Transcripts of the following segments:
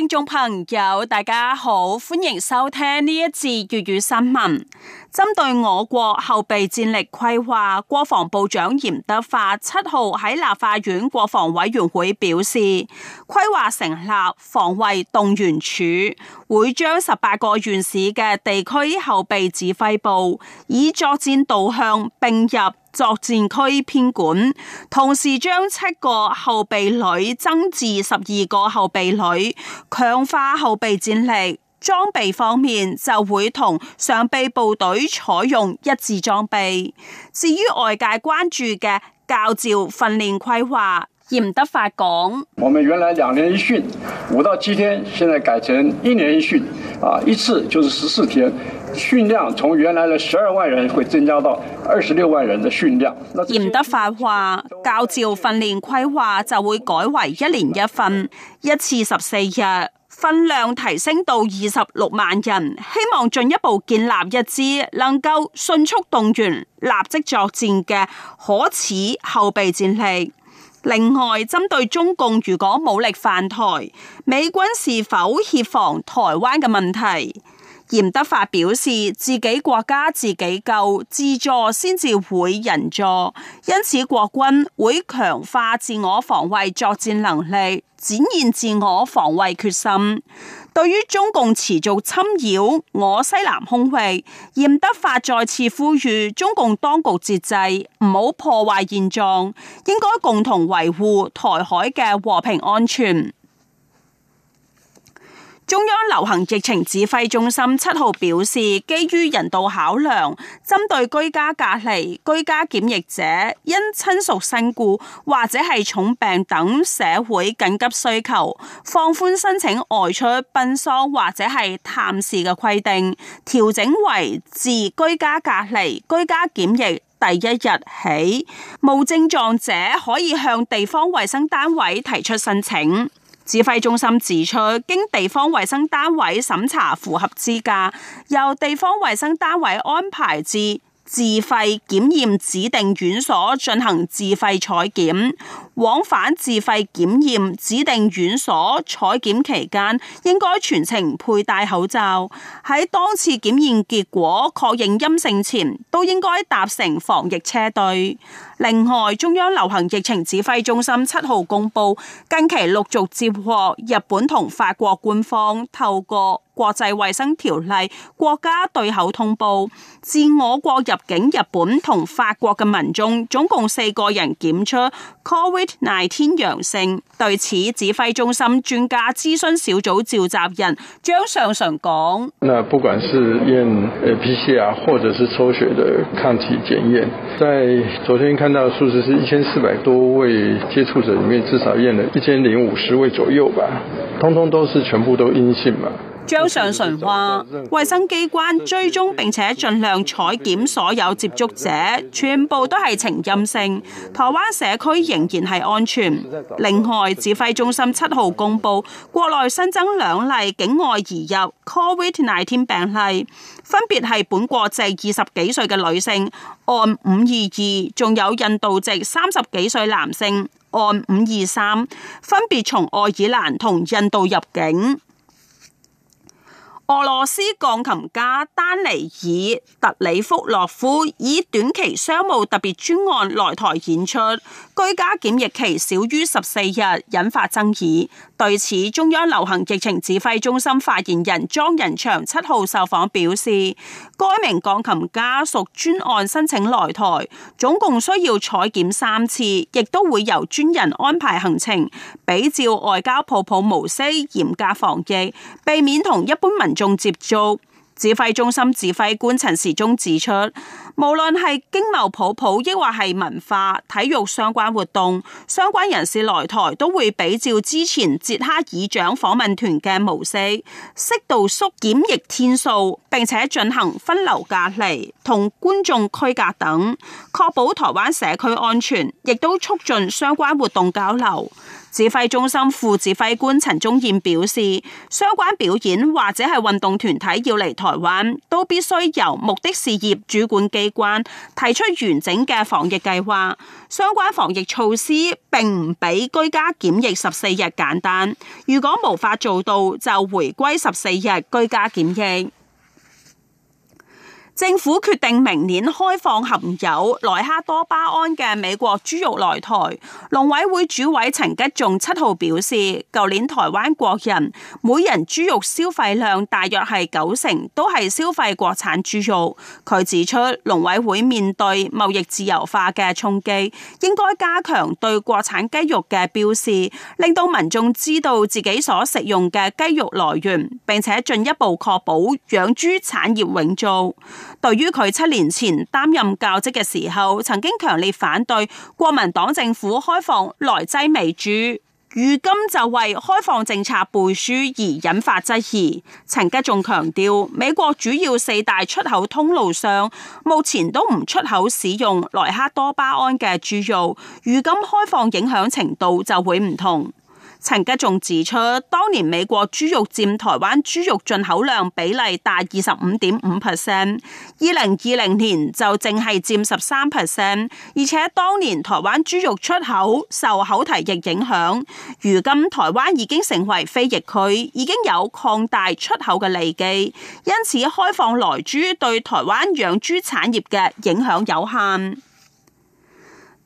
聽眾朋友，大家好，歡迎收聽呢一節粵語新聞。針對我國後備戰力規劃，國防部長嚴德發七號喺立法院國防委員會表示，規劃成立防衛動員署，會將十八個縣市嘅地區後備指揮部以作戰導向併入。作戰區編管，同時將七個後備旅增至十二個後備旅，強化後備戰力。裝備方面就會同上備部隊採用一致裝備。至於外界關注嘅教召訓練規劃，嚴德發講：我們原來兩年一訓，五到七天，現在改成一年一訓，啊，一次就是十四天。訓量從原來嘅十二萬人會增加到二十六萬人嘅訓量。嚴德發話，教召訓練規劃就會改為一年一訓，一次十四日，分量提升到二十六萬人，希望進一步建立一支能夠迅速動員、立即作戰嘅可恃後備戰力。另外，針對中共如果武力犯台，美軍是否協防台灣嘅問題。嚴德發表示，自己國家自己救，自助先至會人助，因此國軍會強化自我防衛作戰能力，展現自我防衛決心。對於中共持續侵擾我西南空域，嚴德發再次呼籲中共當局節制，唔好破壞現狀，應該共同維護台海嘅和平安全。中央流行疫情指揮中心七號表示，基於人道考量，針對居家隔離、居家檢疫者因親屬身故或者係重病等社會緊急需求，放寬申請外出奔喪或者係探視嘅規定，調整為自居家隔離、居家檢疫第一日起，無症狀者可以向地方衛生單位提出申請。指揮中心指出，經地方衛生單位審查符合資格，由地方衛生單位安排至自費檢驗指定院所進行自費採檢。往返自費檢驗指定院所採檢期間，應該全程佩戴口罩。喺當次檢驗結果確認陰性前，都應該搭乘防疫車隊。另外，中央流行疫情指揮中心七號公布，近期陸續接獲日本同法國官方透過國際衛生條例國家對口通報，自我國入境日本同法國嘅民眾，總共四個人檢出 COVID。乃天陽性，對此指揮中心專家諮詢小組召集人張上淳講：那不管是驗誒 P C R，或者是抽血的抗體檢驗，在昨天看到數字是一千四百多位接觸者裏面至少驗了一千零五十位左右吧，通通都是全部都陰性嘛。張上淳話：衛生機關追蹤並且盡量採檢所有接觸者，全部都係呈陰性，台灣社區仍然係安全。另外，指揮中心七號公布國內新增兩例境外移入 COVID-19 病例，分別係本國籍二十幾歲嘅女性按五二二，仲有印度籍三十幾歲男性按五二三，23，分別從愛爾蘭同印度入境。俄羅斯鋼琴家丹尼爾·特里福諾夫以短期商務特別專案來台演出，居家檢疫期少於十四日，引發爭議。對此，中央流行疫情指揮中心發言人莊人祥七號受訪表示，該名鋼琴家屬專案申請來台，總共需要採檢三次，亦都會由專人安排行程，比照外交泡泡模式，嚴格防疫，避免同一般民眾接觸。指揮中心指揮官陳時中指出，無論係經貿普普，抑或係文化、體育相關活動，相關人士來台都會比照之前捷克議長訪問團嘅模式，適度縮檢疫天數，並且進行分流隔離、同觀眾區隔等，確保台灣社區安全，亦都促進相關活動交流。指揮中心副指揮官陳宗彥表示，相關表演或者係運動團體要嚟台灣，都必須由目的事業主管機關提出完整嘅防疫計劃。相關防疫措施並唔比居家檢疫十四日簡單，如果無法做到，就回歸十四日居家檢疫。政府決定明年開放含有萊克多巴胺嘅美國豬肉來台。農委會主委陳吉仲七號表示，舊年台灣國人每人豬肉消費量大約係九成，都係消費國產豬肉。佢指出，農委會面對貿易自由化嘅衝擊，應該加強對國產雞肉嘅標示，令到民眾知道自己所食用嘅雞肉來源，並且進一步確保養豬產業永續。對於佢七年前擔任教職嘅時候，曾經強烈反對國民黨政府開放萊劑美豬，如今就為開放政策背書而引發質疑。陳吉仲強調，美國主要四大出口通路上，目前都唔出口使用萊克多巴胺嘅豬肉，如今開放影響程度就會唔同。陳吉仲指出，當年美國豬肉占台灣豬肉進口量比例達二十五點五 percent，二零二零年就淨係占十三 percent，而且當年台灣豬肉出口受口蹄疫影響，如今台灣已經成為非疫區，已經有擴大出口嘅利基，因此開放萊豬對台灣養豬產業嘅影響有限。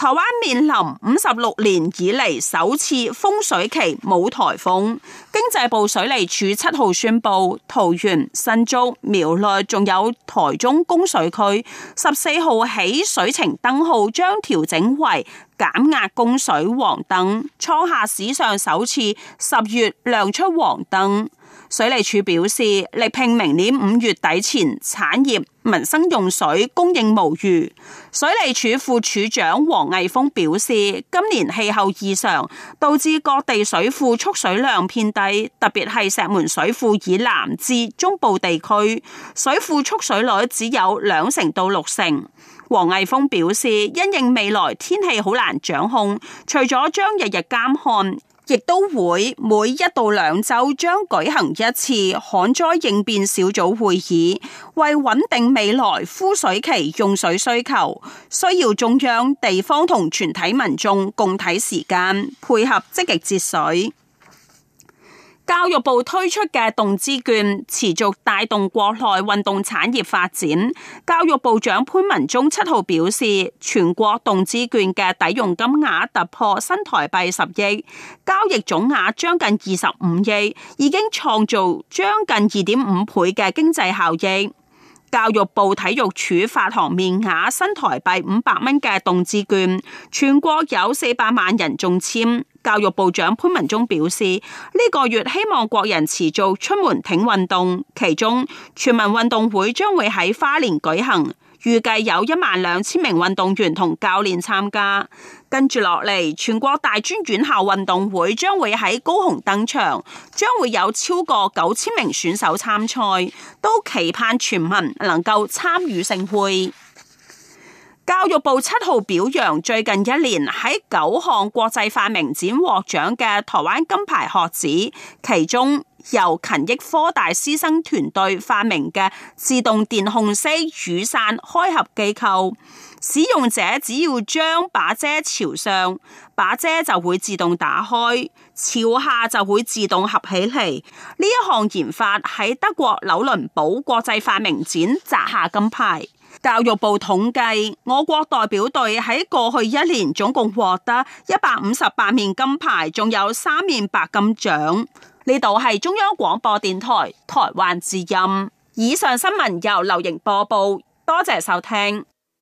台灣面臨五十六年以嚟首次豐水期冇台風，經濟部水利署七號宣布，桃園、新竹、苗栗仲有台中供水區十四號起水情燈號將調整為減壓供水黃燈，創下史上首次十月亮出黃燈。水利署表示，力拚明年五月底前產業民生用水供應無虞。水利署副署長黃毅峰表示，今年氣候異常，導致各地水庫蓄水量偏低，特別係石門水庫以南至中部地區，水庫蓄水率只有兩成到六成。黃毅峰表示，因應未來天氣好難掌控，除咗將日日監看。亦都會每一到兩週將舉行一次旱災應變小組會議，為穩定未來枯水期用水需求，需要中央、地方同全體民眾共體時艱，配合積極節水。教育部推出嘅動資券持續帶動國內運動產業發展。教育部長潘文忠七號表示，全國動資券嘅抵用金額突破新台幣十億，交易總額將近二十五億，已經創造將近二點五倍嘅經濟效益。教育部體育署發行面額新台幣五百蚊嘅動滋券，全國有四百萬人中簽。教育部長潘文忠表示，呢、這個月希望國人持續出門挺運動，其中全民運動會將會喺花蓮舉行。預計有一萬兩千名運動員同教練參加，跟住落嚟，全國大專院校運動會將會喺高雄登場，將會有超過九千名選手參賽，都期盼全民能夠參與盛會。教育部七號表揚最近一年喺九項國際發明展獲獎嘅台灣金牌學子，其中。由勤益科大師生團隊發明嘅自動電控式雨傘開合機構，使用者只要將把遮朝上，把遮就會自動打開；朝下就會自動合起嚟。呢一項研發喺德國紐倫堡國際發明展摘下金牌。教育部統計，我國代表隊喺過去一年總共獲得一百五十八面金牌，仲有三面白金獎。呢度係中央廣播電台台灣之音。以上新聞由劉瑩播報，多謝收聽。